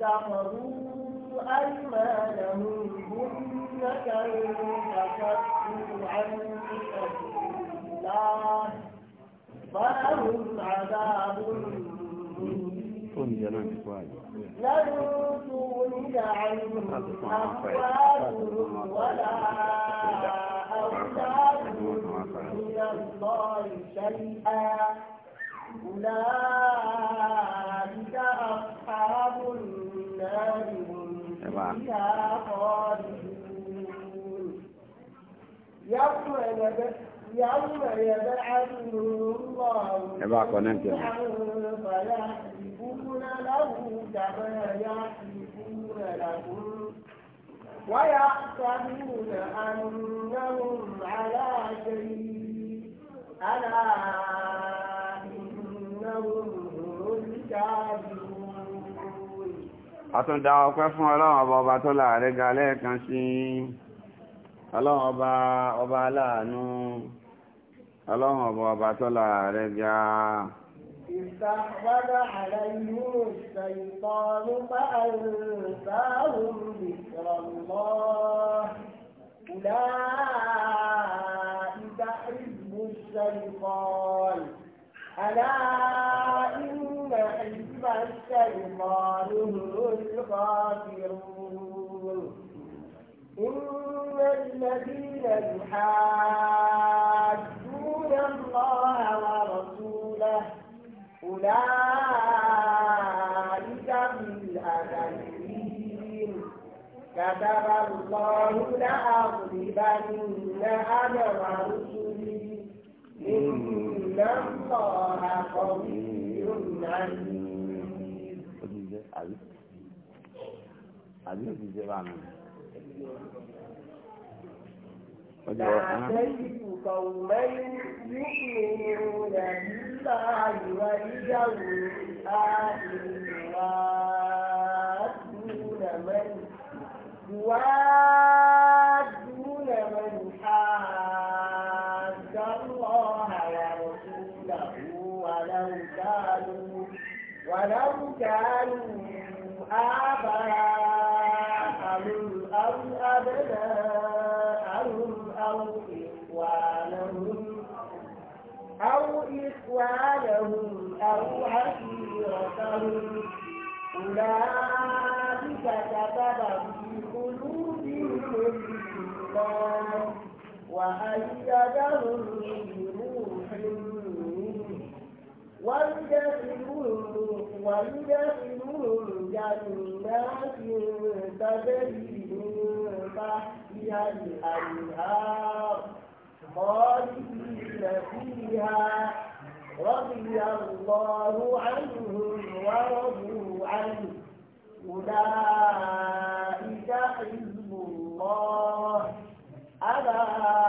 اتخذوا أيمانهم جنة فصدوا عن سبيل الله فلهم عذاب نعم، لن تغني عنهم أموالهم ولا أولادهم من الله شيئا أولئك فيها خالدون يوم يوم يبعثهم الله فيحلفون له كما يحلفون لهم ويحسبون أنهم على شيء ألا إنهم هم الكاذبون àtúndà ọpẹ́ fún ọlọ́run ọba ọba tó láàrẹ ga lẹ́ẹ̀kan sí ọlọ́run ọba ọba aláàánú ọlọ́run ọba ọba tó láàrẹ ga استحوذ ألا إن حزب الشيطان هم الخاسرون إن الذين يحادون الله ورسوله أولئك الأذلين كتب الله لأغلبن أنا ورسلي إن الله قوي عزيز àbí òbí ṣe bá mi. Àtẹ́yìnbù kọ̀wẹ́yìn ní ìrìn rẹ̀ nígbà ولو كانوا آباءهم أو أبناءهم أو إخوانهم أو إخوانهم أو عشيرتهم أولئك كتب في قلوبهم الإيمان وأيدهم بروح منه وادخلوهم ويدخلهم جنات تجري من تحتها الأنهار خالدين فيها رضي الله عنهم ورضوا عنه أولئك حزب الله ألا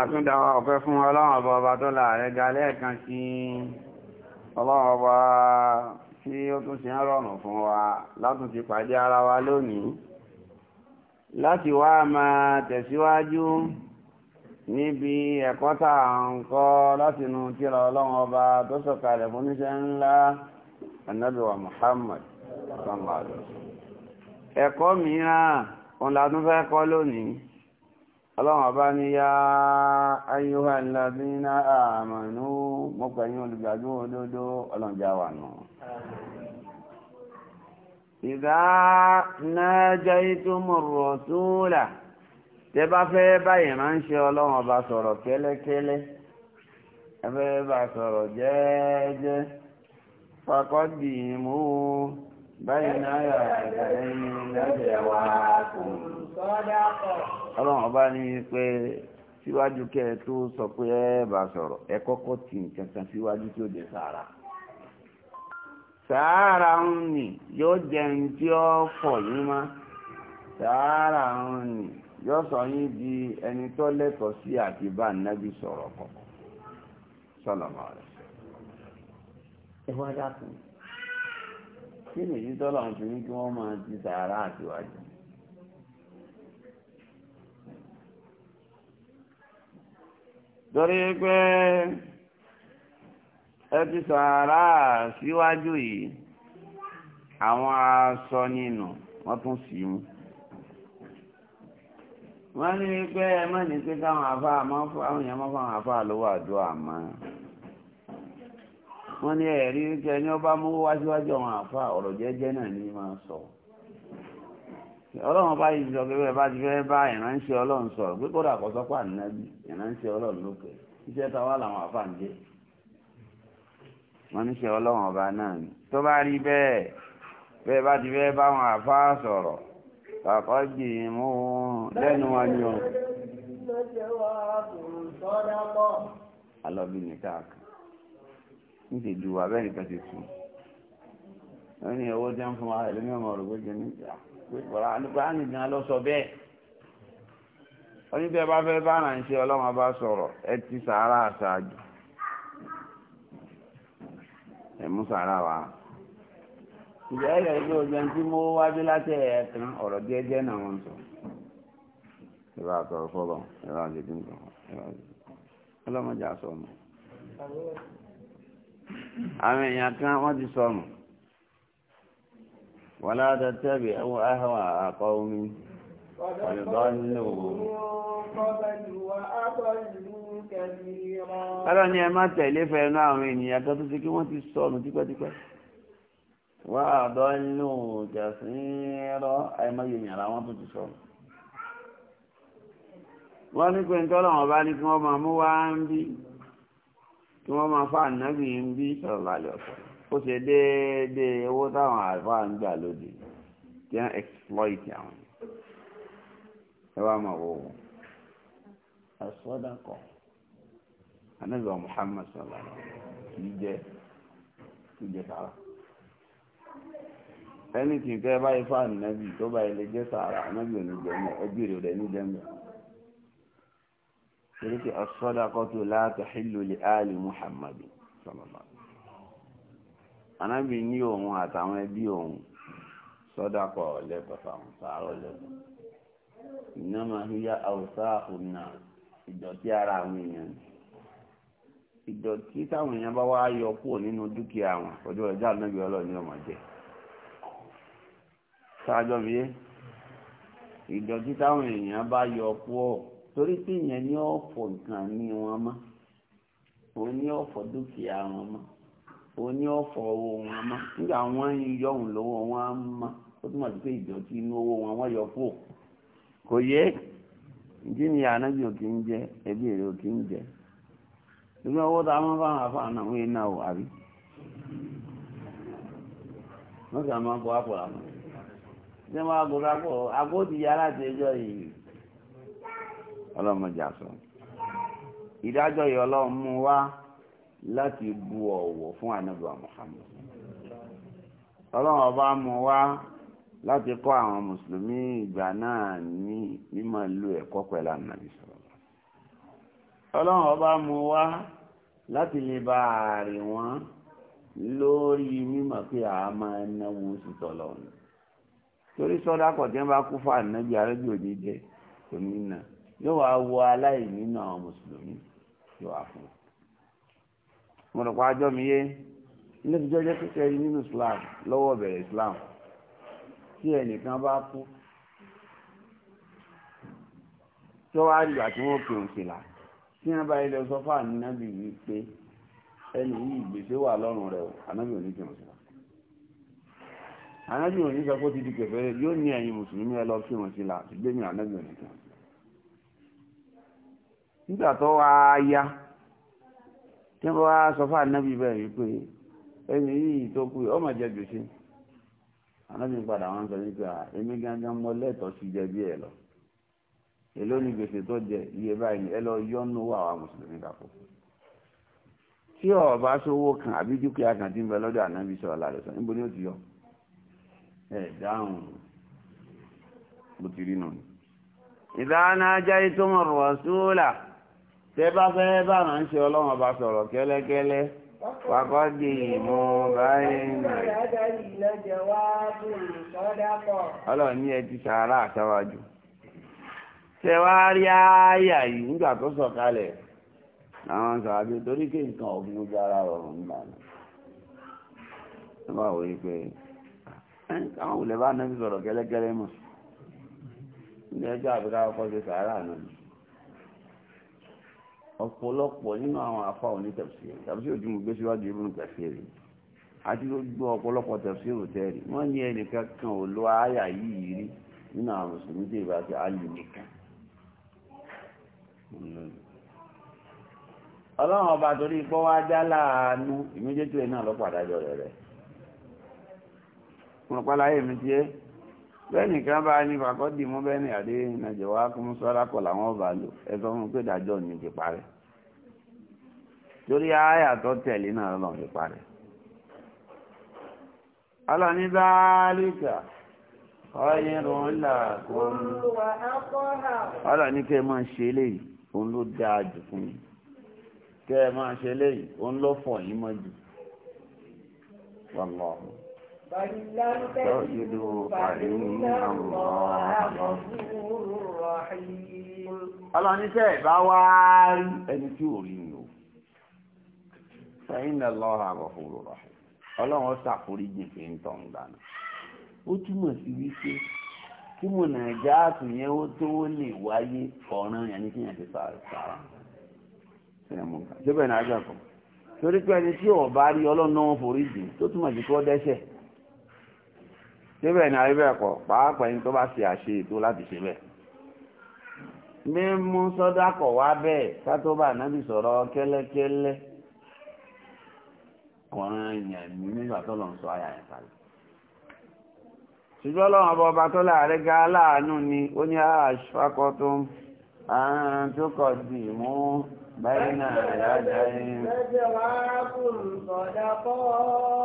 àtúndáwà ọ̀fẹ́ fún ọlọ́run ọba ọba tó láàrẹ ga lẹ́ẹ̀kan sí ọlọ́run ọba tí ó tún ṣe ń rọrùn fún wa látún ti pàdé ara wa lónìí láti wá máa tẹ̀síwájú níbi ẹ̀kọ́ tá à ń kọ́ látinú tírà ọlọ́run ọba tó sọ̀kalẹ̀ fún níṣẹ́ ńlá Ànábì Muhammad sallallahu ẹ̀kọ́ mìíràn òun la tún fẹ́ kọ́ lónìí ọlọ́run ọba ní yá ayúhà ńlábí náà àmànú mọ́pẹ̀yìn olùgbàdú òdodo ọlọ́njà wà ìdá náà jẹ́ ìtumọ̀ rọ̀túlà bá fẹ́ báyìí ránṣẹ́ ọlọ́run ọba sọ̀rọ̀ kẹ́lẹ́kẹ́lẹ́ bá sọ̀rọ̀ jẹ́ẹ́jẹ́ báyìí náírà wa ọlọ́run ọba ní pé síwájú kẹ́ tó sọ pé ẹ sọ̀rọ̀ ẹ kọ́kọ́ nǹkan kan síwájú tí ó jẹ yóò jẹ tí ó fọ̀ yín má sàárà ń nì yóò sọ di ẹni tó lẹ́tọ̀ọ́ sí àti bá nábì sọ̀rọ̀ kọ̀ọ̀kan kí nìyí tọ́lọ̀ ń fi ní kí wọ́n máa ti sàárà àtiwájú. torí pé ẹ ti sàárà síwájú yìí àwọn aṣọ nínú wọ́n tún sì mú wọ́n ní pé ẹ má ní pé káwọn àfáà máa fún àwọn èèyàn máa fún àwọn àfáà lówó àdúrà máa wọ́n ní ẹ̀rí wípé ẹni ọba mú wájúwájú àwọn àfa ọ̀rọ̀ jẹ́jẹ́ náà ní máa sọ ọlọ́run bá yìí sọ pé bẹ́ẹ̀ bá ti fẹ́ bá ìránṣẹ́ ọlọ́run sọ̀rọ̀ pé kódà kọ́ sọ́pà nínábì ìránṣẹ́ ọlọ́run lókè iṣẹ́ ta wá làwọn àfa ń jẹ́ wọ́n níṣẹ́ ọlọ́run ọba náà ni tó bá rí bẹ́ẹ̀ bẹ́ẹ̀ bá ti fẹ́ bá àwọn àfa sọ̀rọ̀ kàkọ́ jì mú lẹ́nu wọn ni o. alọ́bí nìkan kan ń ṣe ju abẹ́rẹ́ nìkan ṣe sùn wọ́n ní owó jẹun fún wa ẹ̀lẹ́mí ọmọ rẹ̀ gbé jẹun pé kọ́ra nípa ní gan ló sọ bẹ́ẹ̀ oníbẹ̀ bá fẹ́ bá ràn ṣe ọlọ́mọ bá sọ̀rọ̀ ẹ ti sàárà ṣáájú ẹ mú sàárà wá ìjẹ́ ẹ̀rẹ̀ ilé oúnjẹ tí mo wájú láti ẹ̀ẹ̀kan ọ̀rọ̀ díẹ̀ díẹ̀ náà wọ́n sọ ìwà àtọ̀rọ̀ fọ́lọ̀ ìwà àjẹ̀dínkàn ọlọ́mọdé àsọ̀nù àwọn èèyàn kan wọ́n ti sọnù wọ́n láti tẹ́bi ẹwọ́ ahọ́wà àkọ́ omi Ọlọ́run ni ẹ má tẹ̀lé fẹ́ẹ̀nú àwọn ènìyàn kan tó ṣe kí wọ́n ti sọnù tipẹ́tipẹ́. Wà á dọ́nù jẹ̀sìnrọ́ àìmọye ènìyàn làwọn tó ti sọnù. Wọ́n ní pé ń tọ́lọ̀ bá ní kí wọ́n máa mú wá ń bí. kí wọ́n máa fa ànábì ń bí sọ̀rọ̀ ó ṣe déédéé owó táwọn àlùfáà ń gbà lóde tí exploit àwọn ẹ máa wò wọ́n àsọdàkọ̀ ànábì wa Muhammad sọ̀rọ̀ kì í jẹ kì í ẹni tí ń tẹ́ báyìí tó báyìí lè ò ní mọ́ ẹbí rẹ̀ ní mọ́. torí pé as-sadaqatu la tahillu li ali anábì ní òun àtàwọn ẹbí òun sọ́dàkọ̀ lẹ́tọ̀ fáwọn sàárọ̀ lẹ́tọ̀ innama hiya awsaqun náà ìdọ̀tí ara àwọn èèyàn ìdọ̀tí táwọn èèyàn bá wá yọ kúrò nínú dúkìá wọn ọjọ́ ìjà ọmọ jẹ torí pé ìyẹn ní ọ̀fọ̀ nǹkan ní wọn mọ́ òun ní ọ̀fọ̀ dúkìá wọn mọ́ òun ní ọ̀fọ̀ owó wọn mọ́ nígbà ń yọ òun lọ́wọ́ wọn á mọ́ ó túmọ̀ sí kò ìdí ni ń jẹ ẹbí èrè ń jẹ ìgbà owó àwọn o àbí sì máa àpò ṣé ọlọ́mọdé àṣọ ìdájọ́ yìí ọlọ́run mú wá láti bu ọ̀wọ̀ fún ànábì Muhammad ọlọ́run ọba mú wá láti kọ́ àwọn mùsùlùmí ìgbà náà ní mímọ̀ lu ẹ̀kọ́ pẹ̀lú ànábì sọ̀rọ̀ ọlọ́run ọba mú wá láti lè bá ààrẹ wọn lórí mímọ̀ pé a máa náwó sí tọ́lọ́run torí sọ́dá kọ̀tẹ́ bá kú fún ànábì arẹ́bí òdìdẹ kò ní náà yóò wá wo aláìní nínú àwọn mùsùlùmí yóò wá fún un mo rò pa àjọ mi yé ilé ìjọ jẹ́ kékeré rí nínú Islam lọ́wọ́ bẹ̀rẹ̀ Islam tí ẹnìkan bá kú tí wọ́n á rí ìgbà tí wọ́n pè ń fìlà tí wọ́n bá ilé sọ fún ànínábì wí pé ẹni yìí gbèsè wà lọ́rùn rẹ̀ ànábì òní kìrùn sílá ànábì òní sọ pé ó ti di kẹfẹ́ yóò ní ẹ̀yin mùsùlùmí ẹ lọ kírun sílá ṣùgbọ́n mi ànábì òní kìrùn nígbà tó wá yá tí wọ́n wá sọ fún ànábì bẹ́ẹ̀ wípé ẹni yìí tó kú ọmọ jẹ gbèsè ànábì padà wọn sọ nípa èmi gangan mọ lẹ́tọ̀ọ́ sí jẹ bí ẹ lọ èló ni gbèsè tó jẹ iye báyìí ẹ lọ yọnu wà wà mùsùlùmí dàpọ̀ ọba sówó kan àbí dúkìá kan ti ń bẹ lọ́dọ̀ ànábì sọ níbo ni ó ti yọ ẹ dáhùn tẹ bá fẹ́ bá ràn ṣe ọlọ́run ọba sọ̀rọ̀ kẹ́lẹ́kẹ́lẹ́ pàkọ́dì mú báyìí ọlọ́run ní sàájú torí ọkọ̀ ọ̀pọ̀lọpọ̀ nínú àwọn afọ òní tafsiri tàbí tí mo gbé síwájú ibùn tafsiri àti gbogbo ọ̀pọ̀lọpọ̀ tafsiri tẹ́rì wọ́n ní ẹnìkan kan ò lo àyà yìí rí nínú àwọn mùsùlùmí tí ìbá ti ọba torí wá já láàánú ìmújẹ́tò ẹ̀ náà rẹ̀ rẹ̀. bẹ́ẹ̀ni kan bá ní fàkọ́dì mú bẹ́ẹ̀ni àdé ìnàjẹ̀ wá kún sọ́ra kọ̀ làwọn ọba lò ẹ sọ fún pé dájọ́ ni ti parẹ́ torí àyà tó tẹ̀lé náà lọ́n ti parẹ́ alani dáálíkà ọyẹrùn ńlá kún alani kẹ́ máa ṣe léyìí òun ló dáa jù fún mi kẹ́ máa ṣe léyìí òun ló fọ̀ yín mọ́ jù wàlọ́ọ̀hún. تجدوا فإن الله غفور رحيم ọlọ́run ní sẹ́ẹ̀ bá ọrụ, فإن الله غفور رحيم ọlọ́run ṣàforíjì fi ń tọ̀ dáná ó túmọ̀ sí wípé kí mo ó tó lè wáyé ọ̀ràn yẹn ní kíyàn ti síbẹ̀ torí síbẹ̀ ní àríbẹ̀kọ̀ pàápàá yìí tó bá ṣe àṣe ètò láti ṣe bẹ́ẹ̀. mímú sọ́dákọ̀ wá bẹ́ẹ̀ sátóbà nábì sọ̀rọ̀ kẹ́lẹ́kẹ́lẹ́ ọ̀ràn èèyàn nígbà tó lọ sọ ni أن تقدموا بين يدي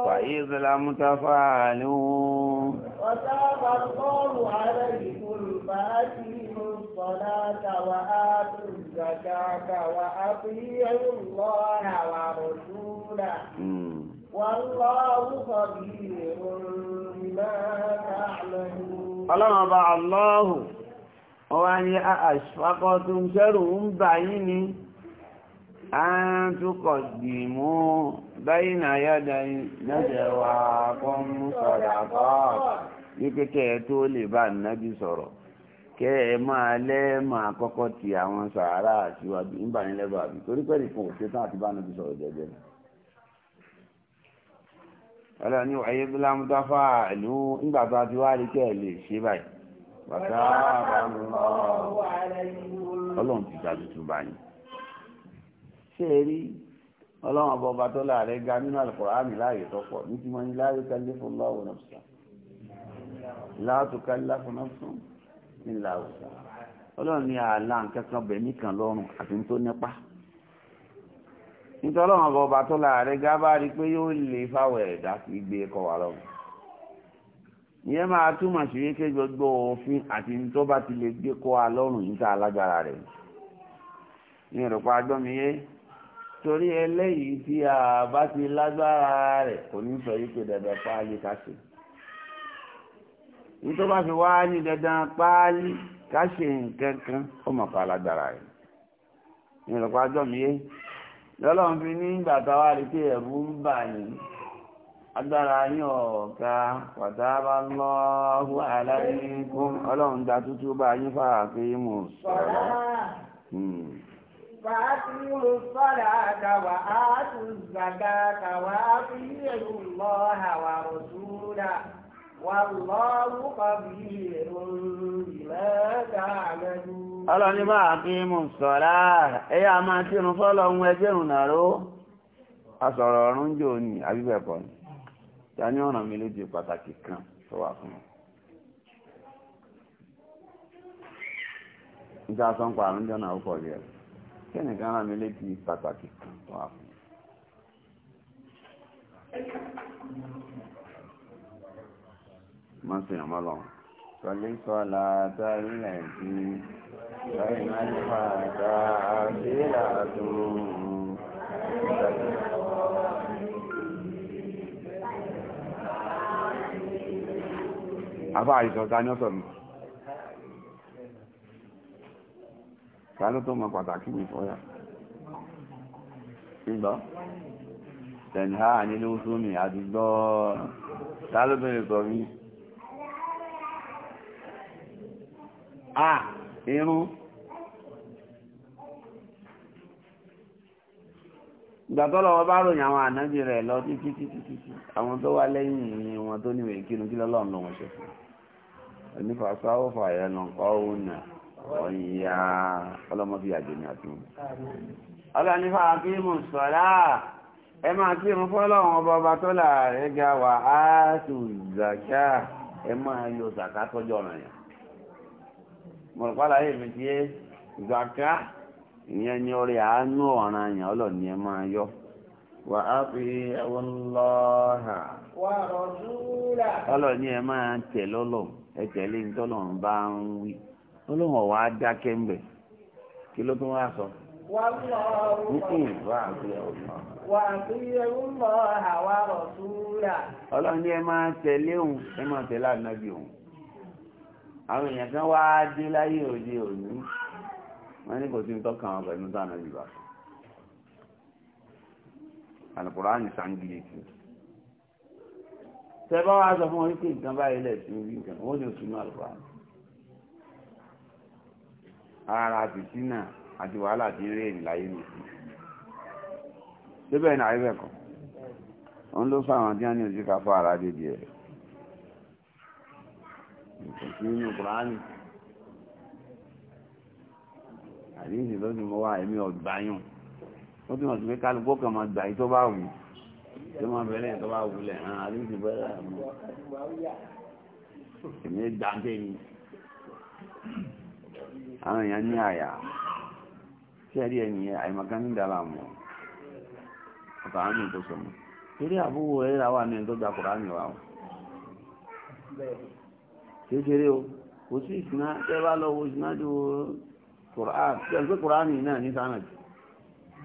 فإذ لم تفعلوا وتاب الله عليكم فأتموا الصلاة وآتوا الزكاة وأطيعوا الله ورسوله والله خبير بما تعملون. الله ọwá ní àṣfàkọ́tún ṣẹ́rù ń yí ni a ń túkọ̀ dìmú báyìí na yádá lẹ́sẹ̀wà kan sọ̀rọ̀ kọ́ wípé tó lè bá nábi sọ̀rọ̀ kẹ́ẹ̀ máa lẹ́ẹ̀mà kọ́kọ́ ti àwọn sàárà síwájú ń torí pẹ́rì fún òṣètàn àti bá sọ̀rọ̀ jẹ́jẹ́ bàtà ọlọ́run ti gbà tuntun báyìí ṣé ẹ rí ọlọ́run ọba ọba tó láàrẹ ga nínú Al-Qur'ani láàyè tọ́pọ̀ ní ti mọ́ ní láàyè kálí fún lọ́wọ́ nọ́ọ̀sán láàtò kálí láfún nọ́ọ̀sán ní làwùsà ọlọ́run ní ààlà nǹkan kan bẹ̀ nìkan lọ́rùn àti tó nípa nítorí ọlọ́run ọba ọba tó láàrẹ ga bá rí pé yóò lè fáwọ̀ ẹ̀dá kì gbé kọ́ wa lọ́rùn ìyẹn máa túmọ̀ sí wípé gbogbo òfin àti ní tó bá ti lè gbé kó a lọ́rùn yìí tá a lágbára rẹ̀ ní ìrọ̀pá agbọ́miyé torí eléyìí tí a bá ti lágbára rẹ̀ kò ní sọ yìí pé dandan páálí ká ṣe ní tó bá fi wá ní dandan páálí ká nǹkan kan ó mọ̀ pa lágbára rẹ̀ ní ìrọ̀pá agbọ́miyé lọ́lọ́run fi ní ìgbà táwa rí pé ẹ̀rù ń bà yìí agbára yín ọ̀gá pàtàbà lọ́hù aláìkún ọlọ́run dá tútú bá yín fàáfí mú hmm. mú sọ́rọ̀ ọlọ́ni bá àfi mú sọ́rọ̀ ẹ̀yà máa tínú fọ́lọ́ ohun nàró asọ̀rọ̀ ọ̀rún jò ní ta ní ọ̀ràn mi lóde pàtàkì kan tó wà fún un. níta sọ pa àrùn jọ́nà ó pọ̀ rí ẹ̀ pataki kan rán mi pàtàkì kan tó wà fún un. máa ń sèyàn mọ́ lọ́wọ́. صل صلاة التي àbá àìsàn ta ní ọ̀sọ̀ tó mọ pàtàkì mi fọ́yà ìgbọ́ tẹ̀nìhá nílé oṣù mi àdúgbò sọ mi à irun ìgbàtọ́lọ̀ wọn ròyìn àwọn ànájì rẹ̀ lọ títí títí àwọn tó wá lẹ́yìn wọn tó níwèé kírun kí lọ́lọ́run ló ṣe fún ẹni fàṣáwò fàyẹ nà ọ̀hún nà ọ̀yà ọlọ́mọbí àjẹmí àtún. ọlọ́ni fàákí mùsọ̀lá ẹ máa kí mú fọ́lọ́wọ́n ọba ọba tó láàrẹ́ ga wà á tù zàkà ẹ máa yọ zàkà tọ́jọ́ ọ̀nà yẹn. mi ti yé zàkà ìyẹn ni orí àánú ọlọ́ni ẹ máa yọ. wà á fi ẹwọ́n lọ́ọ̀hà. ẹ tẹ̀lé ní tọ́lọ́run bá ń wí ọlọ́run ọ̀wá dákẹ́ ń bẹ̀ kí ló tún wá sọ. Ọlọ́run ní ẹ máa tẹ̀lé òun ẹ máa tẹ̀lé ànábì òun. Àwọn èèyàn kan wá dé láyé òde òní. Wọ́n ní kò sí ní tọ́kàn àwọn pẹ̀lú tánàbì bá. Àlùkùránì sàǹgìlì kìí tẹ́bá wá sọ fún wọn wípé nǹkan báyìí lẹ̀ sí orí nǹkan wọ́n ní oṣù náà lọ́wọ́ ara àbìsí náà àti wàhálà tí ń rí èyí láyé nì sí síbẹ̀ náà ibẹ̀ kan òun ló fáwọn tí wọ́n ní oṣù káfọ́ ara débi ẹ̀ nǹkan sí inú kùránì àdéhìí lọ́dún mọ́ wá ẹ̀mí ọ̀gbáyùn ó túnmọ̀ sí pé kálukú kan máa gbà yìí tó bá wù ú tí wọ́n bẹ̀rẹ̀ tó bá wulẹ̀ hàn àdúgbò bẹ́rẹ̀ àmọ́ èmi dáńté ni àwọn èèyàn ní àyà tí ẹ̀rí ẹni àìmọ̀kan ní dára mọ́ ọ̀tà àmì tó sọmọ́ torí àbúwò ẹ̀rà wà ní ẹ̀tọ́ gba kùránì wa o kékeré o kò sí ìsìná tẹ́ bá lọ́wọ́ ìsìná ju kùránì náà ní sánàtì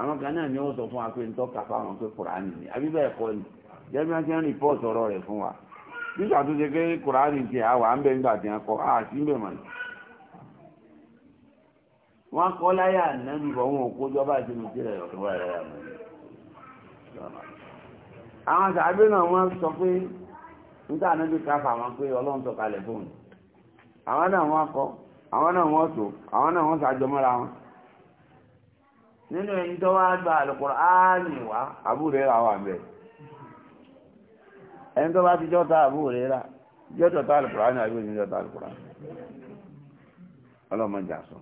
àwọn kan náà ni wọ́n sọ fún wa pé ń tọ́ka fáwọn pé kùránì ni àbí bẹ́ẹ̀ kọ́ ni jẹ́míà ti ń rìpọ́ọ̀tì ọ̀rọ̀ rẹ̀ fún wa nígbà tó ṣe pé kùránì ti àwà ń bẹ nígbà tí wọ́n kọ́ á sí bẹ̀ mọ́ ni. wọ́n kọ́ láyà nẹ́nu bọ̀ wọn ò kójọ́ bá ti mú sílẹ̀ ọ̀tún wà láyà mọ́ ni. àwọn sàbẹ̀ náà wọ́n sọ pé nígbà náà ti káfà wọn pé ọlọ́run tọ́kalẹ̀ nínú ẹni tó wá gba àlùkùránì wá àbúrẹ́ àwọn àmì ẹni tó bá ti jọ́ta àbúrẹ́ rà jọ́tọ̀ tá àlùkùránì àbúrẹ́ ní jọ́ta àlùkùránì ọlọ́mọdé àsọ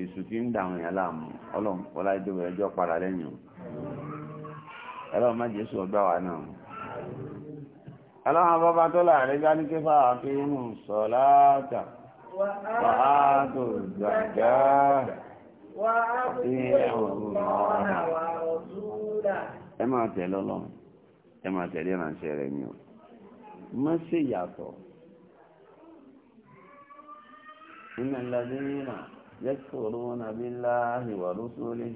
èsù tí ń dà àwọn èèyàn láàmú ọlọ́mọkọlá ìjọba ẹjọ́ padà lẹ́yìn o jésù ọgbà wa náà ọlọ́mọ bàbá tó láàrin gbá ní kéfà àfihàn wàhálà tó dàgbà. ẹ máa tẹ̀lé ọlọ́run ẹ máa tẹ̀lé ìrànṣẹ́ rẹ̀ ni o má ṣe yàtọ̀ nínú ẹ̀lẹ́dínlẹ́nà yẹ́kọ̀ọ́ lọ́wọ́ nàbí láàrin wà lóṣòlẹ́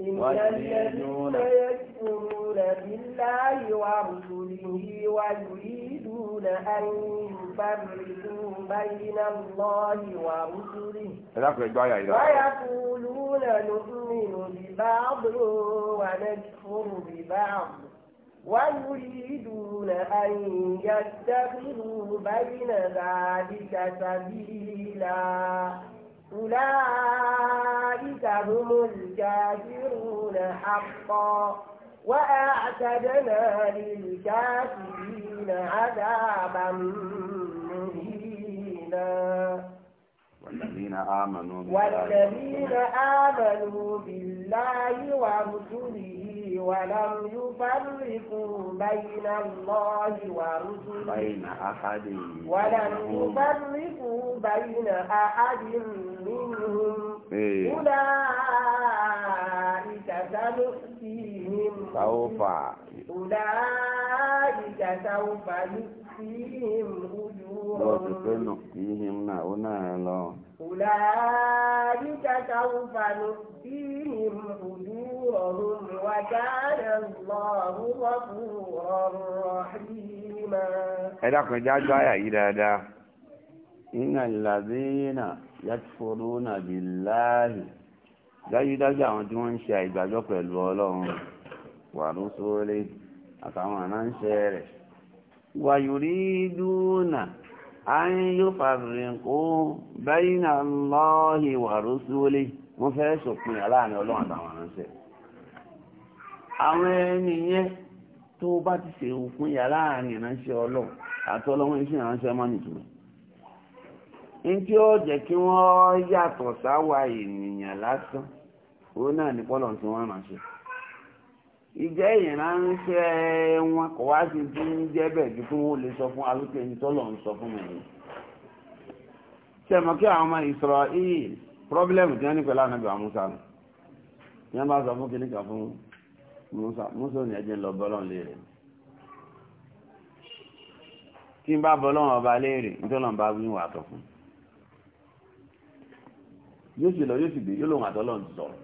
إن الذين يكفرون بالله ورسله ويريدون أن يفرقوا بين الله ورسله ويقولون نؤمن ببعض ونكفر ببعض ويريدون أن يتخذوا بين ذلك سبيلا أولئك هم الكافرون حقا وأعتدنا للكافرين عذابا مهينا والذين آمنوا والذين آمنوا بالله ورسله ولم يفرقوا بين الله ورسله بين أحد ولم يفرقوا بين أحد منهم أولئك سنؤتيهم سوف أولئك سوف يؤتيهم أجورهم سنؤتيهم نعونا لهم أولئك سوف نؤتيهم أجورهم وكان الله غفورا رحيما. ẹ dákun jájọ àyà yìí dáadáa iná ìlàdínà yàtìfòrò náà bí láàyè dájúdájú àwọn tí wọ́n ń ṣe àìgbàjọ́ pẹ̀lú ọlọ́run wà ló sóòlé àtàwọn àránṣẹ́ rẹ̀ wàyùrí dúnà àyín yóò fàbìrin bẹ́yìnà lọ́ọ̀hì wà ló sóòlé fẹ́ sòpin aláàrin ọlọ́run àtàwọn àwọn tó bá ti ṣe ntí ó jẹ́ kí wọ́n yàtọ̀ sáwà ènìyàn lásán òun náà ní pọ́lọ̀ tí wọ́n máa ṣe ìjẹ́ ìránṣẹ́ wọn kò wá sí tí ń jẹ́ bẹ̀ ju fún wọn lè sọ fún alúpẹ̀ ẹni tọ́lọ̀ ń sọ fún mi yìí sẹ́mọ̀ kí àwọn ọmọ Ísírẹ́lì pírọ́bílẹ́mù tí wọ́n ní pẹ̀lú ànábì wa Musa nù tí wọ́n bá sọ fún kìnnìkan fún Musa Musa ní ẹjẹ́ lọ bọ́lọ̀ léèrè tí ń bá bọ́lọ̀ ọba léèrè ń tọ́lọ̀ ń bá wíwà tọ̀ fún un yóò sì lọ yóò sì dé yóò lòun àtọ́lọ́run ti sọ̀rọ̀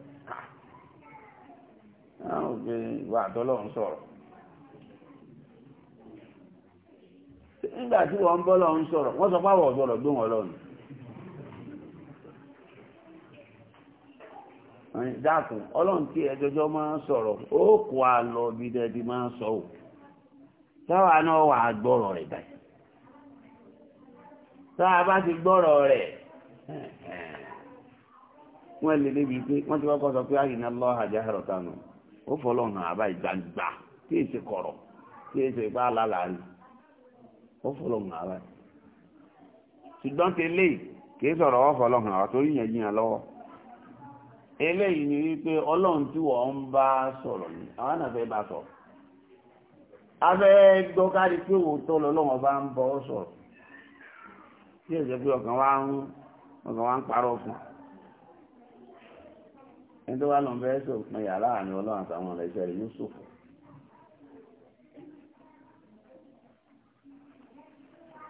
àwọn ah! òfin ah, ìwà àtọ́lọ́run sọ̀rọ̀ nígbà tí wọ́n ń bọ́ lọ́run sọ̀rọ̀ wọ́n sọ páwọ̀ ọ̀sọ̀rọ̀ gbé wọn lọ́nu dákun ọlọ́run tí ẹjọ́jọ́ máa ń sọ̀rọ̀ ó kó a lọ bí dẹ́ẹ̀dì máa ń sọ ò táwa náà wà á gbọ́rọ̀ bá ti gbọ́rọ̀ rẹ̀ wọ́n lè débi pé wọ́n ti kọ́kọ́ sọ pé àyìn náà lọ́ọ́ tánu ó fọlọ́ hàn àbá ìgbàgbà tí èsì kọ̀rọ̀ tí èsì ipá alálàárí ó fọlọ́ hàn àbá ṣùgbọ́n ti lè kìí sọ̀rọ̀ fọlọ́ hàn lọ́wọ́ ni wípé ọlọ́run tí wọ́n bá sọ̀rọ̀ ni àwọn náà fẹ́ bá èsì pé ọkàn wa ń ọkàn wa ń parọ́ fún ẹni tó wá lọ bẹ́ẹ̀ sòpin yàrá àmì ọlọ́run àtàwọn ọ̀lẹ́sẹ̀ rẹ̀ yóò ṣòfò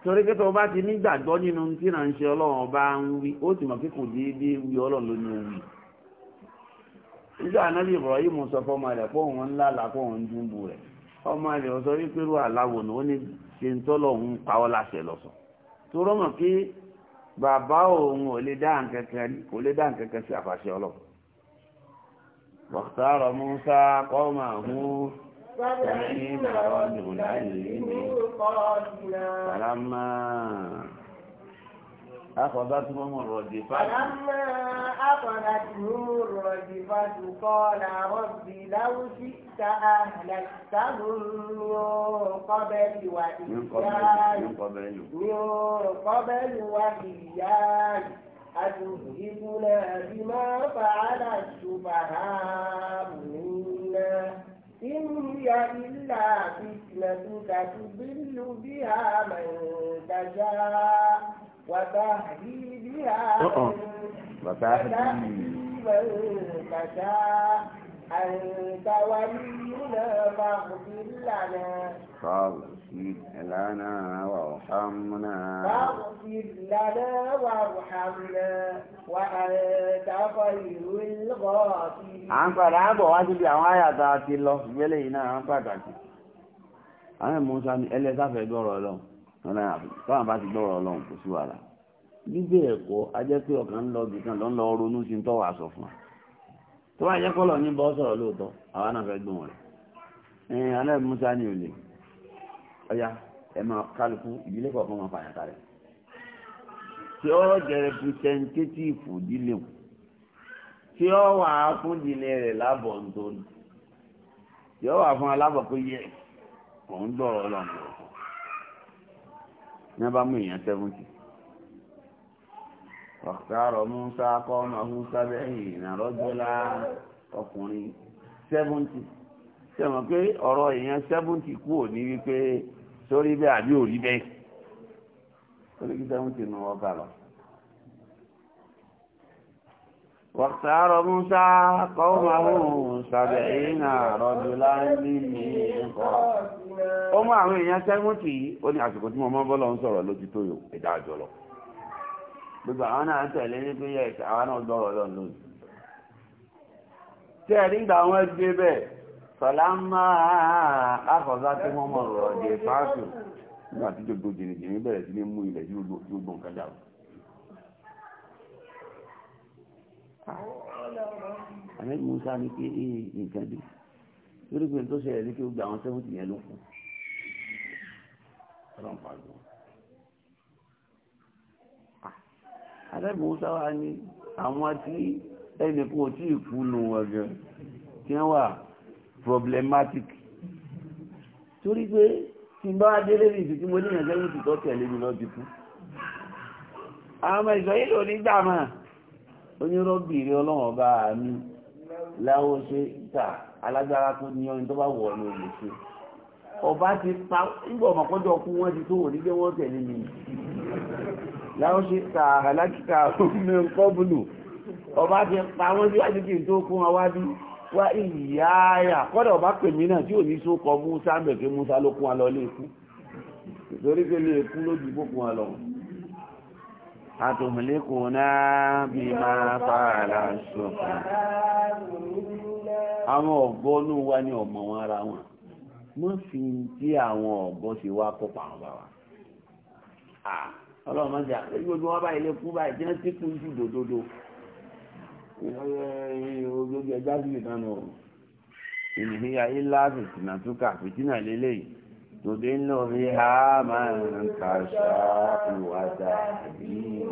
torí pé tó bá ti nígbàgbọ́ nínú tí náà ń ṣe ọlọ́run ọba ń wí ó sì mọ̀ pé kò déédéé wí ọlọ́run ló ní òwì nígbà náà bí Ibrahim sọ fọmọ rẹ̀ pé òun ńlá là pé òun dúnbù rẹ̀ ọmọ rẹ̀ sọ wípé rú àláwò ní ó ní ṣe ń tọ́lọ̀ òun pa láṣẹ lọ́sọ̀ tó rọ́mọ̀ pé bàbá òun ò lè dá nǹkan kan sí àfàṣẹ ọlọ́run واختار موسى قومه سبعين رجلا فلما أخذتهم الرجفة فلما أخذتهم الرجفة قال رب لو شئت أهلكتهم من قبل وإياي من قبل وإياي أتهلكنا بما فعل السفهاء منا إن هي إلا فتنتك تضل بها من تشاء وتهدي بها من أه، أه. تشاء أنت ولينا فاغفر لنا فاغفر لنا وارحمنا فاغفر لنا وارحمنا وأنت خير الغافرين عن فرعب واسب يا ذات الله بلينا عن pé ọkàn ń lọ bìkan lọ ronú sí ń fún wa. tó bá jẹ́ kọ́lọ̀ ní bọ́ sọ̀rọ̀ lóòótọ́ àwa náà fẹ́ gbọ́n rẹ̀ ẹ̀yìn alẹ́ musa ni ò lè ọya ẹ máa kálukú ìdílé kọ̀ọ̀kan máa fàyà kalẹ̀ tí ó jẹ́ representative ìdílé o tí ó wà fún ìdílé rẹ̀ lábọ̀ nítorí tí ó wà fún alábọ̀ pé yẹ òun gbọ́rọ̀ ọlọ́run lọ́wọ́ ní wọ́n bá mú èèyàn seventy ọ̀kàrọ̀ musa kọ́ mahu sábẹ́yìn àrọ́jọ́lá ọkùnrin sẹ́fúntì sẹ́wọ̀n pé ọ̀rọ̀ èèyàn sẹ́fúntì kú ò ní wípé sórí bẹ́ẹ̀ àbí ò rí bẹ́ẹ̀ oríkì sẹ́fúntì nù ọkà lọ. ọ̀kàrọ̀ musa kọ́ mahu sábẹ́yìn àrọ́jọ́lá níbi nǹkan. ó mú àwọn èèyàn sẹ́fúntì ó ní àsìkò tí mo mọ́ bọ́lọ́ ń sọ̀rọ̀ lójútó ẹ̀dá àjọ lọ gbogbo àwọn náà ń tẹ̀lé ní pé yẹ àwọn náà gbọ́rọ̀ lọ́nà lónìí tí ẹ̀rí ìgbà wọn gbé bẹ́ẹ̀ sọ̀lá máa àkọ́sá tí wọ́n mọ̀ rọ̀ dé fáṣù nígbà tí gbogbo jìnnìjìnnì bẹ̀rẹ̀ sí ní mú ilẹ̀ tí gbogbo nǹkan jà ààrẹ musa ní pé nǹkan dé lórí pé tó ṣẹlẹ̀ ní pé gbogbo àwọn sẹ́wọ̀n tìyẹn ló kù ọlọ́run pàdé alẹ́bùn ó sáwà ní àwọn tí ẹnìkan ò tí ì ọ̀gẹ̀ tí wà problematic torí pé tí n bá délé ní ìsìnkú mo níyàn sẹ́yìn ti tọ́ tẹ̀lé mi lọ́ọ́ ti kú àwọn ìsọ̀yìn lò nígbà náà onírọ́bìnrin ọlọ́run ọba àmì láwọ́ ṣe ta alágbára tó ní ọyìn tó bá wọ̀ ní olùṣe ọba ti pa nígbà ọmọkọ́jọ́ kú wọ́n ti tó wò ní pé wọ́n tẹ̀lé mi láwọn ṣe ta àhàlákìta omi kọ́bùlù ọba ti pa wọ́n sí wájú kí n tó kún wọn wá bí wá ìyáyà kọ́dọ̀ ọba pè mí náà tí ò ní só kọ Musa ń bẹ̀kẹ́ Musa ló kún wa lọ lé ikú torí pé lè kú lójú kó kún wa lọ àwọn ọ̀gọ́ ní wá ní ọmọ wọn ara wọn mọ́ fi tí àwọn ọ̀gọ́ ti wá kópa àwọn bàbá ọlọ́run máa ń jà pé gbogbo wọn báyìí lè kú báyìí jẹ́ sí kú jù dòdòdò gbogbo ẹja ìdáná o ìnìyí ayé láàbì tìǹà tó kà fìtínà lélẹ́yìí tòdé ń lọ rí ha máa ń kàṣà ìwádà yìí.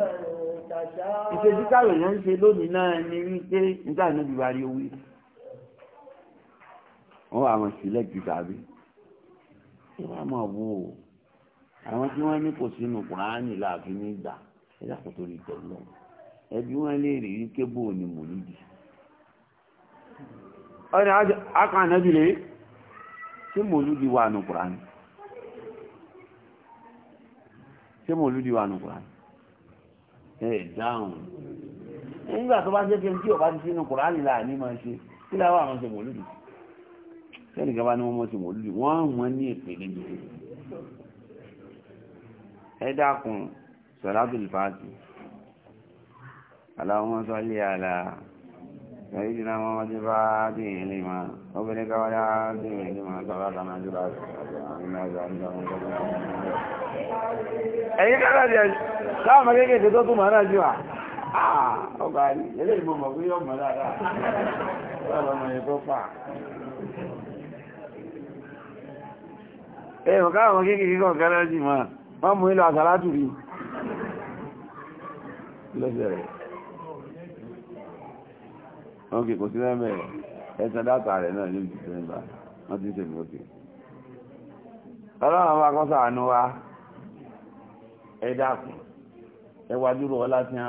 ìṣèjú káwé yẹn ń ṣe lónìí náà ni wípé nígbà náà bí wàá rí owó àwọn tí wọ́n ní kò sínú kùránì láàfin ní ìgbà ẹ dàpọ̀ torí ìtọ́lọ́ ẹbí wọn lè rí rí kébò ní mòlídì ọ̀rẹ́ akànàbì lè tí mòlúdì wà nù kùránì tí mòlúdì wà nù kùránì ẹ̀ dáhùn nígbà tó bá jẹ́ pé tí ọba ti sínú kùránì láàní máa ṣe kí láwọ́ àwọn ṣe mòlúdì sẹ́nìkan bá ní wọ́n mọ́ ṣe mòlúdì wọ́n wọ́n ní ìpele ẹ dákun salatul fati Allahumma salli ala سيدنا محمد فاتح لما وبلغ ولا عاتم لما صلاة ما جرى ẹ̀yìn kára jẹ́ sáàmà kéèkéé tó tún mọ̀rá jù à ah, ọgbà ilé ìmọ̀ mọ̀ pé yọ́ mọ̀ dáadáa ọlọ́mọ yẹn tó fà ẹ̀yìn kára mọ̀ kéèkéé kọ́ kẹ́rẹ́ jù mọ́ wọ́n mú ilọ̀ àsàlátù rí lọ́sẹ̀ rẹ̀ wọ́n kì kò sí lẹ́mẹ̀ ẹ̀sẹ̀ dáta rẹ̀ náà ní ìdìsẹ́mbà wọ́n ti ń ṣe mọ́kì ọlọ́run wa kọ́sà àánú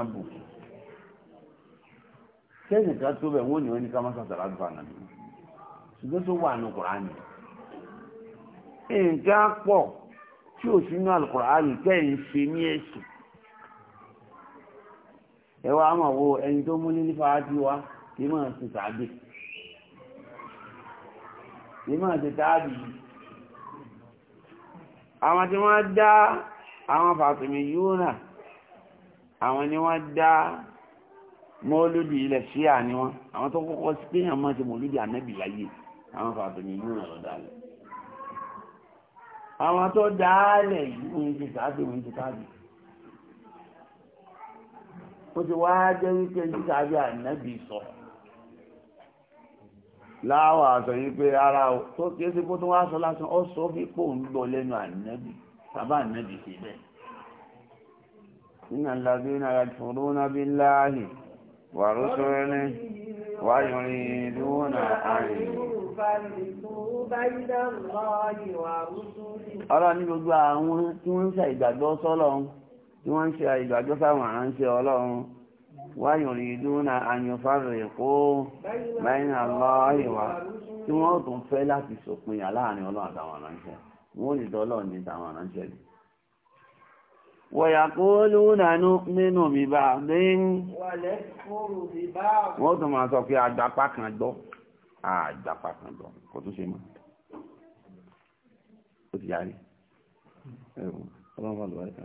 a bù kẹ́yìn ká tó bẹ̀ wọ́n ní wọ́n ní ká má sàsàlátù fún àná ṣùgbọ́n tó wà nù Kùránì nǹkan pọ̀ tí ò sínú àlùkùránì tẹ́ ń ṣe ní ẹ̀sùn ẹ wá máa wo ẹni tó mú nílí fàájú wa kì í máa ṣe tàbí kì í máa ṣe tàbí àwọn tí wọ́n dá àwọn fàtìmí yóò náà àwọn ni wọ́n dá mọ́lódì ilẹ̀ ṣíà ni wọ́n àwọn tó kọ́kọ́ sí pé ti mọ́lódì ànábì àwọn fàtìmí yóò náà lọ́dà lẹ́ àwọn tó dáálẹ̀ yìí ti tàbí wọ́n ti tàbí ó ti wá jẹ́ wípé ní tàbí ànábì sọ láwọ̀ àṣọ yìí pé ara tó kí é sí kó tó wá sọ lásán ó sọ fípò ń lọ lẹ́nu ànábì bàbá ànábì sí bẹ́ẹ̀ Inna alladhina yakfuruna billahi wa rusulihi wa yuriduna àìyí ọ̀rọ̀ ní gbogbo àwọn tí wọ́n ń ṣe ìgbàgbọ́ sọ́lọ́run tí wọ́n ń ṣe ìgbàgbọ́ sáwọn àránṣẹ́ ọlọ́run wáyùn rí lónà àyànfààrọ̀ èkó báyìí àlọ́ ìwà tí wọ́n tún fẹ́ láti sòpinyà láàrin ọlọ́run àtàwọn àránṣẹ́ wọ́n lè dọ́lọ́ ní àtàwọn àránṣẹ́ yìí wọ̀yàkóólúnà nínú mi bá dé wọ́n tún máa sọ pé àgbàpá kan gbọ́ àgbà pàtàkì lọ kò tún ṣe mọ́ ó ti yáre ẹ̀wọ̀n ọlọ́wọ́ lọ́wọ́ ẹ̀ka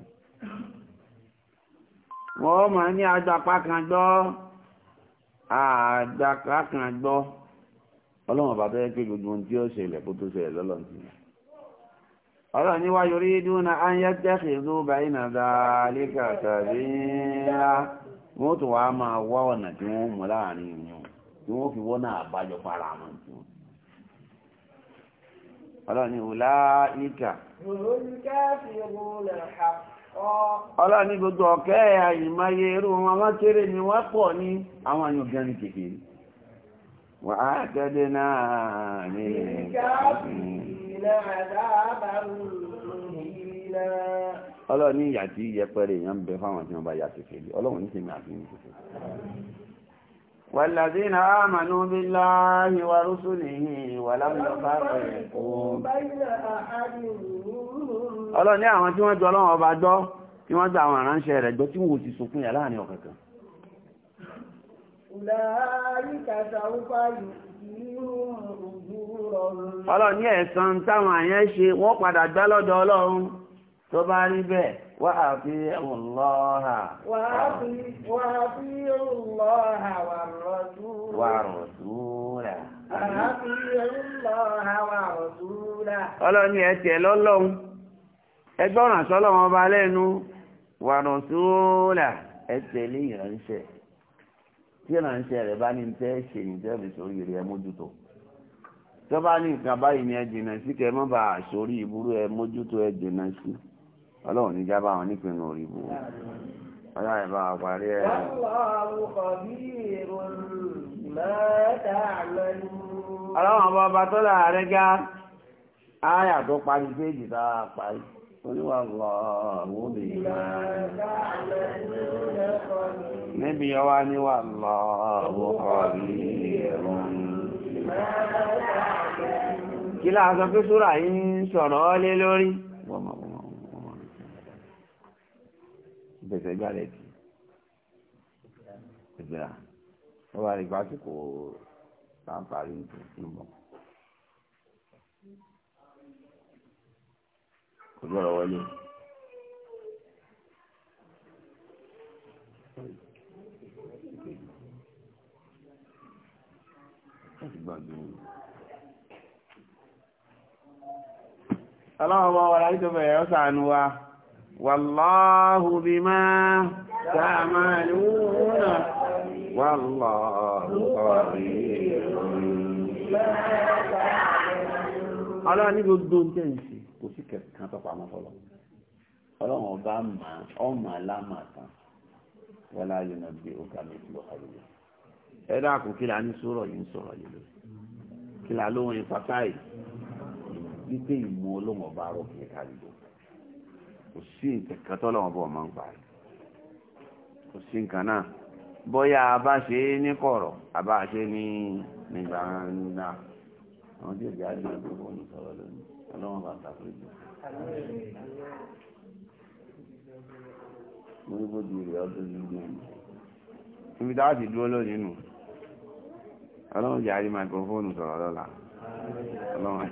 wọ́n máa ní agbapá kan gbọ́ àgbapá kan gbọ́ ọlọ́wọ́n bàbá ẹ pé gbogbo ohun tí ó ṣẹlẹ̀ kó tó ṣẹlẹ̀ lọ́lọ́run ti yàn ọ̀rọ̀ ni wá yorí dúnà ayé tẹ́kìlú báyìí náà dáálé kàtàrí ńlá mọ́tò wa máa wá ọ̀nà tí wọ́n mú láàrin ìyún tí wọ́n fi wọ́n náà àbájọ para wọn tí ọlọ́ni níkà. ọlọ́ni gbogbo ọ̀kẹ́ àyìnmáyé irú wọn wọ́n kéré ni wọ́n pọ̀ ní àwọn àyàn ni kékeré. wà á tẹ́lẹ̀ náà ní ọlọ́ni ìyà tí yẹpẹrẹ èèyàn ń bẹ fáwọn tí wọ́n bá yà kékeré ọlọ́run ní sèmi والذين آمنوا بالله ورسله ولم يفرقوا Ọlọ́run ní àwọn tí wọ́n jọ Ọlọ́run ọba gbọ́ tí wọ́n gba àwọn ìránṣẹ́ rẹ̀ gbọ́ tí wọ́n ti sọkún yà láàrin ọ̀kankan. Ọlọ́run ní ẹ̀san táwọn àyẹ́ ṣe wọ́n padà gbà lọ́dọ̀ Ọlọ́run tó bá rí bẹ́ẹ̀ Wa الله وأطيعوا الله والرسول والرسول وأطيعوا الله والرسول ọlọ́ni ẹ tiẹ̀ lọ́lọ́hun ẹgbẹ́ ọ̀ràn sọ́lọ́wọ́n ọba lẹ́nu wàrọ̀súlà ẹ tẹ̀lé ìránṣẹ́ tí ìránṣẹ́ rẹ̀ bá ní tẹ́ ṣe ìjẹ́bi sórí rẹ̀ mójútó tó bá ní nǹkan báyìí ni ẹ jìnnà sí kẹ́ mọ́ bá ọlọ́run ní jábá àwọn nípinnu òrìbò ọlọ́run bá wa parí ẹ̀. ọlọ́run bá ọba tó láàárẹ̀ gá áyà tó parí péjì tá a parí oníwà lọ́wọ́ níbi ọwá níwà lọ́wọ́ kọ̀ọ̀lì ẹ̀rùn kí láàá sọ pé súrà yìí ń sọ̀rọ̀ lé lórí ìgbésẹ̀ gbálẹ̀ tì ìgbéra wọ́n bá rí gbásùkò láǹparí ń bọ̀. kò gbọ́dọ̀ wọlé. Ọlọ́run bá wà láyé tó bẹ̀rẹ̀ ọ̀sán wa. والله بما تعملون والله خبير ọlọ́run ní gbogbo ń tẹ́ǹsì kò sí kẹ̀kàn tọ́pọ̀ àmọ́ fọ́lọ́ ọlọ́run ọba mà ọmọ alámàtàn wọ́n láàyò náà gbé ọkà mi lọ àlùyọ ẹ̀dá kò kí la ní sọ̀rọ̀ yìí ń sọ̀rọ̀ yìí lọ kí la lóhun ìfàkáì wípé ìmú ọlọ́run ọba rọ̀ kí ẹ kárí lọ kò sí nǹkan kan tọ́lọ̀ wọn bọ̀ máa ń parí kò sí nǹkan náà bóyá a bá ṣe é ní kọ̀rọ̀ a bá ṣe ní ní gbangba àwọn tí ìjà ní àgbẹ̀wò ní sọ̀rọ̀ lónìí ọlọ́wọ́n bá ta fún ìjọ. mo rí bójú rẹ̀ ọdún ní ìlú ẹ̀mí. níbi táwa ti dúró lónìí nù ọlọ́wọ́n jẹ́ àrí máikrófóònù sọ̀rọ̀ lọ́la ọlọ́wọ́n.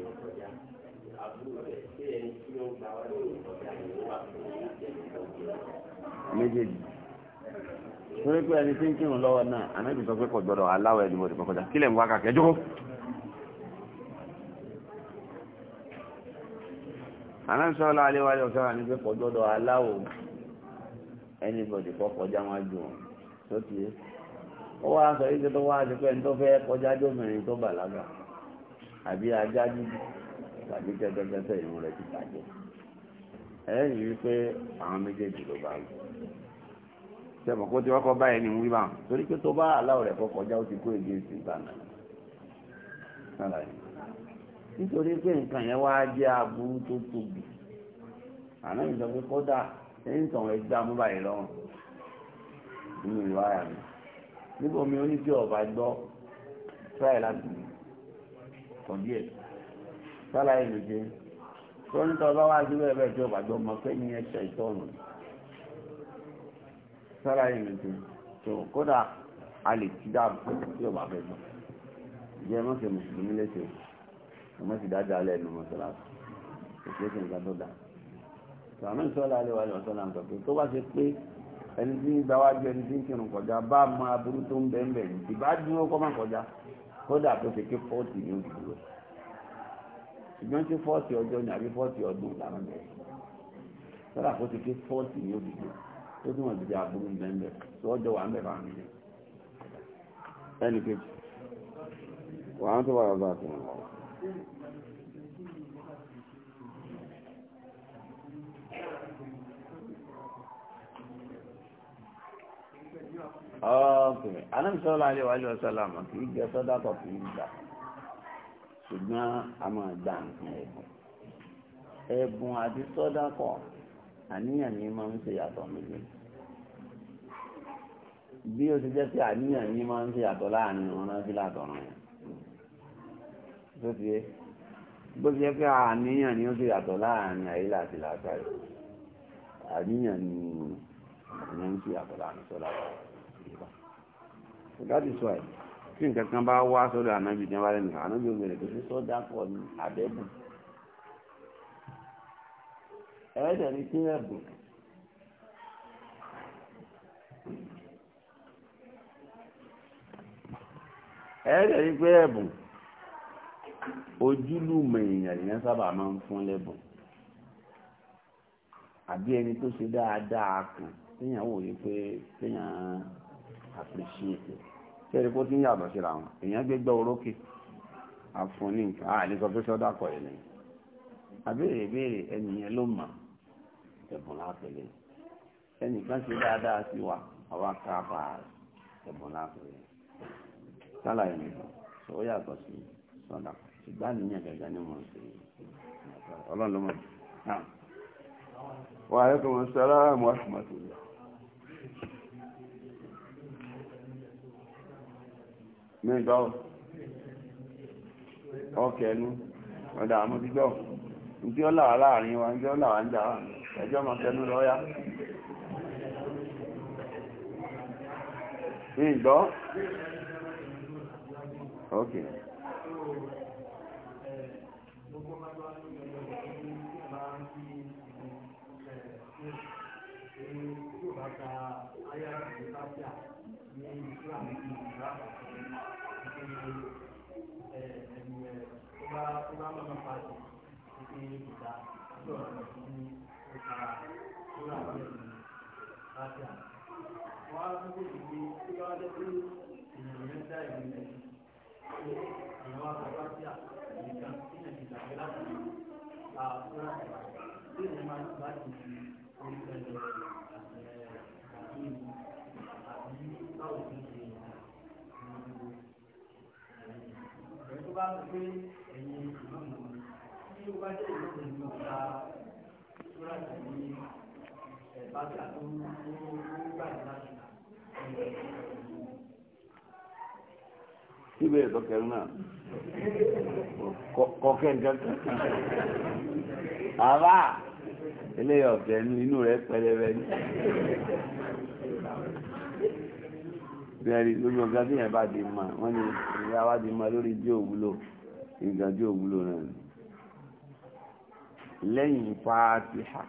méjèèjì torí pé ẹni tí ń kírun lọ́wọ́ náà anábì sọ pé kò gbọdọ̀ aláwọ̀ ẹni mọ̀tò kọjá kílẹ̀ ń wá kàkẹ́ jókòó. anábì aléwálé ọ̀sán wà ní pé kò gbọdọ̀ aláwọ̀ ẹni mọ̀tò kọ́ kọjá wọn jù wọn tó ti yé. ó wá sọ yìí tó wá sí pé ẹni tàbí kẹ́tẹ́kẹ́tẹ́ ìrún rẹ̀ ti bàjẹ́ ẹ̀yìn wípé àwọn méjèèjì ló bá wù sẹ́mọ̀ kó tí wọ́n kọ́ báyìí ni wí bá wọn torí pé tó bá aláwọ̀ rẹ̀ kọ́kọ́ já ó ti kó èdè sí ìbànú nítorí pé nǹkan yẹn wá jẹ́ aburú tó tóbi àná ìjọ pé kódà ẹ̀yìn tàn ẹgbẹ́ amúbáyé lọ́wọ́ nínú ìwà àyà mi níbo mi ó ní tí ọba sọ́la ìrìnjẹ́ tó ń tọ́ lọ́wọ́ adúlọ́ ẹ̀bẹ̀ tó bàjọ́ mọ̀ pé ní ẹ̀ṣẹ̀ ìtọ́nù sọ́la ìrìnjẹ́ tó kódà a lè ti dáàbò tí ò bá fẹ́ gbọ́ jẹ́ mọ́sẹ̀ mùsùlùmí lẹ́sẹ̀ ọmọ sì dáadáa alẹ́ ẹnu mọ́sálásí òṣèlú sì ń gbà tó dáa sàmì sọ́la alẹ́ wa lọ́sọ́ náà tọ́ pé tó bá ṣe pé ẹni tí ń gbáwájú ẹni tí ń kírun kọjá bá máa burú tó ń bẹ́ẹ̀ bẹ́ẹ̀ ìbá dúró kọ́ máa kọjá kódà tó ṣe ké fọ́ọ̀tì ní òdìbò rẹ̀ ṣùgbọ́n tí fọ́ọ̀tì ọjọ́ ni àbí fọ́ọ̀tì ọdún làwọn bẹ̀rẹ̀ sọ́dà kó ti ké fọ́ọ̀tì ní òdìdó tó túmọ̀ sí pé aburú tó ọjọ́ wà ń bẹ̀rẹ̀ àwọn ilé ẹnì kejì wà á tó wà lọ́dọ̀ àti wọn. ọ̀ọ́kẹ́ anamísọ́lá alẹ́ wàlúwàsálàmù kì jẹ́ sọ́dà kọ̀ kì ṣùgbọ́n a máa gba nǹkan ẹ̀bùn ẹ̀bùn àti sọ́dákọ̀ àníyàn ni máa ń ṣe yàtọ̀ méjì bí ó ti jẹ́ pé àníyàn ni máa ń ṣe yàtọ̀ láàrin ọ̀ràn sí látọ̀ràn yẹn tó ti yé bó ti jẹ́ pé àníyàn ni ó ṣe yàtọ̀ láàrin àyílà àti látàrí àníyàn ni ìyẹn ń ṣe yàtọ̀ láàrin sọ́dákọ̀ ìgbà. So that is tí nǹkan kan bá wá sọ́dọ̀ ànábì ní wàlẹ́ nìkan ànábì ò bẹ̀rẹ̀ pé sọ́dà pọ̀ ní àbẹ́bù ẹ̀ẹ́dẹ̀ ní kí ẹ̀bùn ẹ̀ẹ́dẹ̀ ní pé ẹ̀bùn ojúlùmọ̀ èèyàn ìyẹn sábà máa ń fún lẹ́bùn àbí ẹni tó ṣe dáadáa kù téèyàn wòye pé téèyàn appreciate it. kẹ́rì kó tí ń yàtọ̀ síra wọn èèyàn gbé gbọ́ orókè àfúnni nǹkan àlè sọ pé sọ́dọ̀ àkọ́ ẹ̀lẹ́ àbẹ̀rẹ̀ ìbéèrè ẹni ló mọ̀ ẹ̀bùn lápẹ̀lẹ̀ ẹnìkan ṣe dáadáa sí wa àwa káàpà ẹ̀bùn lápẹ̀lẹ̀ sálà ẹ̀mí sọ ó yàtọ̀ sí sọ́dọ̀ ṣùgbọ́n àníyàn gẹ́gẹ́ ni mo ń ṣe ọlọ́run ló mọ̀ wàhálà kò wọ́n sọ́ra mọ́ àtúmọ̀tò yìí. ní ìgbà ọ̀ ọkẹ̀ ẹnu ọ̀dà àmú ti gbọ́ ìdí ọ̀là wà láàrin wa ìdí ọ̀là wà ń jà ẹjọ́ máa tẹnu lọ yá ní ìgbọ́ ọkẹ̀ Thank pé ẹ̀yin ìmáàmù tí ó bá jẹ́ ìmáàmù ní ọ̀gá sóra tẹ̀lé ẹ̀bájà tó ń gbà láti síbẹ̀ ìtọ́kẹ̀rù náà kọ̀ọ̀kẹ́ nǹkan kan àbá eléyà ọ̀tẹ̀ inú rẹ̀ pẹlẹbẹ ní bẹ́ẹ̀ni lórí ọ̀gá tí yẹn bá di ma wọ́n ní ìyá wa di ma lórí jí òwúlò nǹkan tí ò wúlò náà ni lẹ́yìn fàtíhà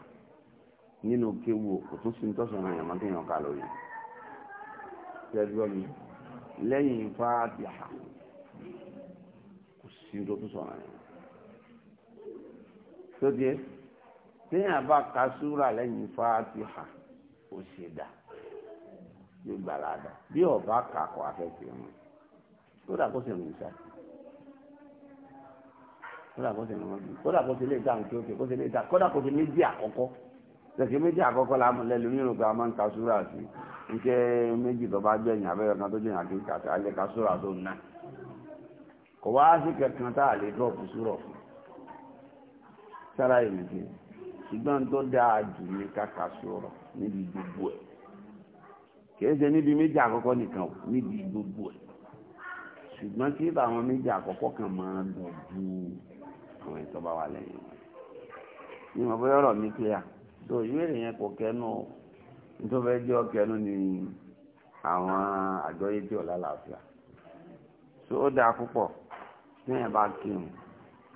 nínú kéwu kò tún sí tọ́sọ̀ náà yàmá tó yàn ká lórí tẹ́gbọ́n mi lẹ́yìn fàtíhà kò sí tó tún sọ̀rọ̀ yàmá tó díẹ̀ téèyàn bá ka súrà lẹ́yìn fàtíhà ó ṣe dà yóò gbàlá dà bí ọba kà kọ́ afẹ́ tì í kó sì rìn kódà kó sì mọ́ bí kódà kó sì lè dá òkè òkè kó sì lè dá kódà kó sì méjì àkọ́kọ́ tẹ̀sí méjì àkọ́kọ́ la mọ̀ lẹ́nu nínú pé a máa ń ka súrà sí iṣẹ́ méjì tó bá gbẹ̀yìn abẹ́rẹ́ kan tó jẹ́ àti kàtà alẹ́ ka súrà tó ná kò wá sí kẹ̀kan tá a lè dọ́ọ̀pù súrọ̀ fún sára ìrìnsì ṣùgbọ́n tó dáa jù ní kàkà súrọ̀ níbi gbogbo ẹ̀ kìí ṣe níbi méjì àkọ́kọ́ nìkan níbi gbogbo ẹ̀ ṣùgbọ́n kí bàwọn méjì àkọ́kọ́ kan máa dùn ju àwọn ẹ̀tọ́ bá wà lẹ́yìn wọn ní mo bóyá ọ̀rọ̀ mi clear so ìbéèrè yẹn kò kẹnu tó fẹ́ jẹ́ ọkẹnu ni àwọn àjọyé tí ò lálàáfíà so ó dáa púpọ̀ tí yẹn bá kírun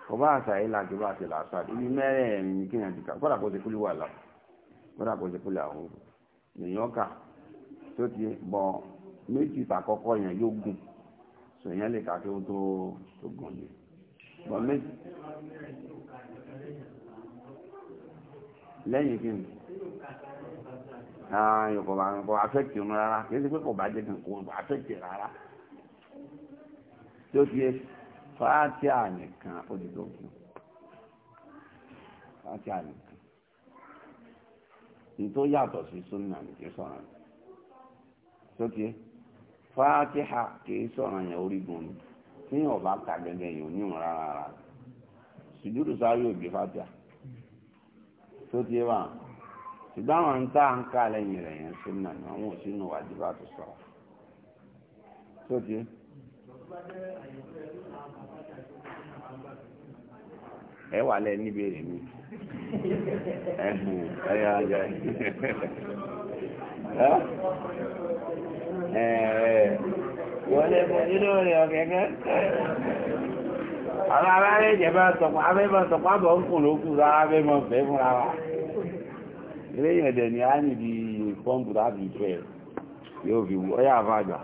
kò bá àṣà yìí láti bá àṣà làṣà ibi mẹ́rẹ̀ẹ̀rin ni kí yẹn ti kà kódà kó ti kúlẹ̀ wà láwù kódà kó ti kúlẹ̀ àwọn èèyàn kà tó ti bọ̀ méjì tàkọ́kọ́ yẹn yóò gùn so lè kà kí ó tó gùn yẹn bọ̀ lẹ́yìn kí n ààyè ah, kò bá ń kọ afẹ́kì ń rárá kì ṣe pé kò bá jẹ́ kí n kò afẹ́kì rárá tí ó ti yẹ fáátì ànìkan òdìdó fún fáátì ànìkan ní tó yàtọ̀ sí súnà ní kí sọ̀rọ̀ ní tó ti yẹ fáátì hà kì sọ̀rọ̀ yẹn orígun ni tí yàn bá ta gẹ́gẹ́ yìí ò ní ìwọ̀n rárá rárá sùjúdù sáré òbí fàtíà tó ti wà ṣùgbọ́n àwọn ń ń ká lẹ́yìn rẹ̀ yẹn sí náà ni àwọn ò sínú wàjibá tó sọ̀rọ̀ tó ti. ẹ wà lẹ níbèrè mi ẹhùn ẹyà ajá ẹ ẹ. wọlé inú rẹ̀ ọ̀gẹ̀gẹ̀ àwọn aráàlẹ̀ ìjẹ̀bá sọ̀pọ̀ abẹ́bọ̀ sọ̀pọ̀ àbọ̀ ń kùn lókù rárá bẹ́mọ̀ fẹ́ fúnra wa ilé ìyẹ̀dẹ̀ ni a nìdí pọ́ǹpù láti fẹ́ yóò fi wú àfàgbà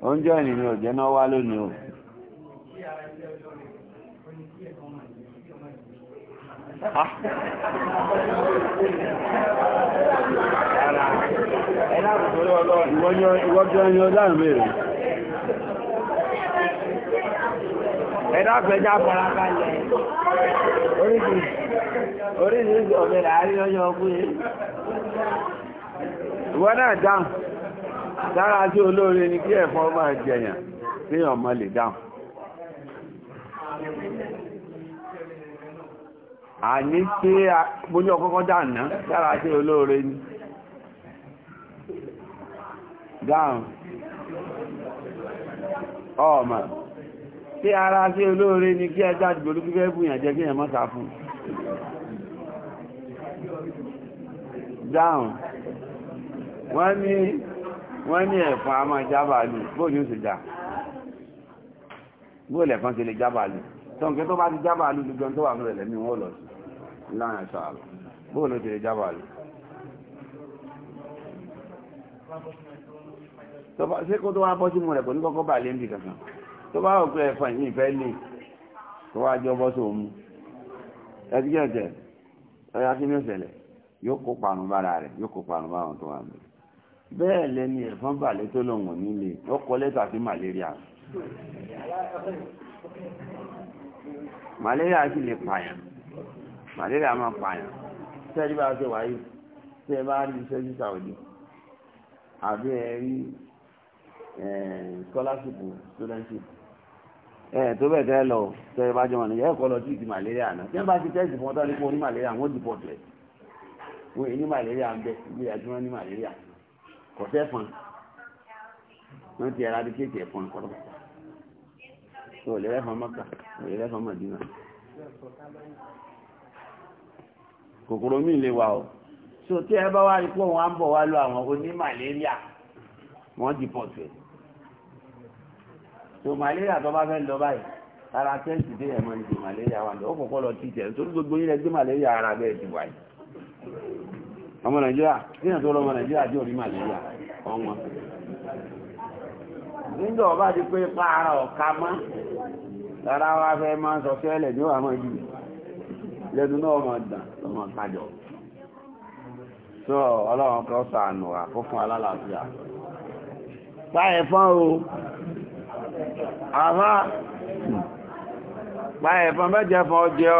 sọ̀rọ̀ ìrìn òjẹ́ náà wá lónìí o ìwọ́jọ́ ẹni ọlọ́run mẹ́rin ẹ̀dá pẹ̀já farabalẹ̀ oríṣìí ọ̀bẹ̀rẹ̀ àríyànjọ́ ọkùnrin ìwọ́n náà dáhùn dára tí olóore ni kí ẹ̀fọ́ máa jẹyàn tí ọmọ lè dáhùn àní tí mo ní ọkọ́kọ́ dáhùn náà dára tí ni dáhùn ọmọ tí ara sí olóore ni kí ẹjá jùgbò ló fífẹ́ bù yàn jẹ́ kí ẹ̀mọ́ sá fún dáhùn wọ́n ní wọ́n ní ẹ̀fọn a máa jábàálù bóò ní ó sì dà bóò lẹ̀fọn ti lè jábàálù tọ́nkẹ́ tó bá ti jábàálù gbogbo tó wà lórí ẹ̀lẹ́mí wọ́n lọ sí láàrin àṣà bóò ló ti lè jábàálù Thank you ṣé kó tó wá bọ́ sí mu rẹ̀ kò ní kọ́kọ́ bà lé níbi kankan tó bá òkú ẹ̀fọn yìí fẹ́ lè tó wá jọ bọ́ sóun mu ẹtí kí ẹ̀jẹ̀ ọ̀yá kí ni ó ṣẹlẹ̀ yóò kó parun bára rẹ̀ yóò kó parun báwọn tó wà níbẹ̀ bẹ́ẹ̀ lẹ́ni ẹ̀fọn bà lé tó lòun ò ní lè ó kọ lẹ́tà sí màlẹ́ríà màlẹ́ríà sì lè pààyàn màlẹ́ríà máa pààyàn tẹ́lí bá ṣe wáyé tẹ́ bá rí iṣẹ́ sàwọ́dì àbí ẹ Eh, scholarship studentship eh, tó bẹ̀ tẹ́ lọ tẹ́ bá jọ wọn nìyẹn ẹ̀kọ́ lọ sí ìdí malaria náà tí bá ti tẹ́sì fún ọtọ́ nípa oní malaria wọ́n ti pọ̀tù ẹ̀ wọ́n ní malaria ń bẹ ibi ìyá wọ́n ní malaria kò tẹ́ fún wọ́n ti eradicate ẹ̀fọn kọ́rọ́ tó lè rẹ́fọn mọ́kà lè rẹ́fọn mọ́dínà kòkòrò mi lè wà o so tí ẹ bá wá rí pé wọ́n á bọ̀ wá lọ àwọn oní malaria wọ́n ti pọ̀tù ẹ̀ tó malaria tó bá fẹ́ lọ báyìí ara tẹ́ǹtì dé ẹ̀mọ́ ní ti malaria wà ní ó kọ́kọ́ lọ títẹ̀ nítorí gbogbo yín ẹgbẹ́ malaria ara bẹ́ẹ̀ ti wáyé ọmọ nàìjíríà níyàn tó lọ́mọ nàìjíríà jẹ́ orí malaria ọmọ nígbà ọba ti pé pa ara ọ̀ka mọ́ lára wa fẹ́ máa ń sọ fẹ́lẹ̀ ní wàá mọ́ jù lẹ́nu náà mọ̀ dàn lọ́mọ kájọ tó ọlọ́run kan sànù àkókò alálàáfíà báyẹ̀ fọ́n o àmá báyẹ̀ fún mẹ́jẹ fún ọjẹ́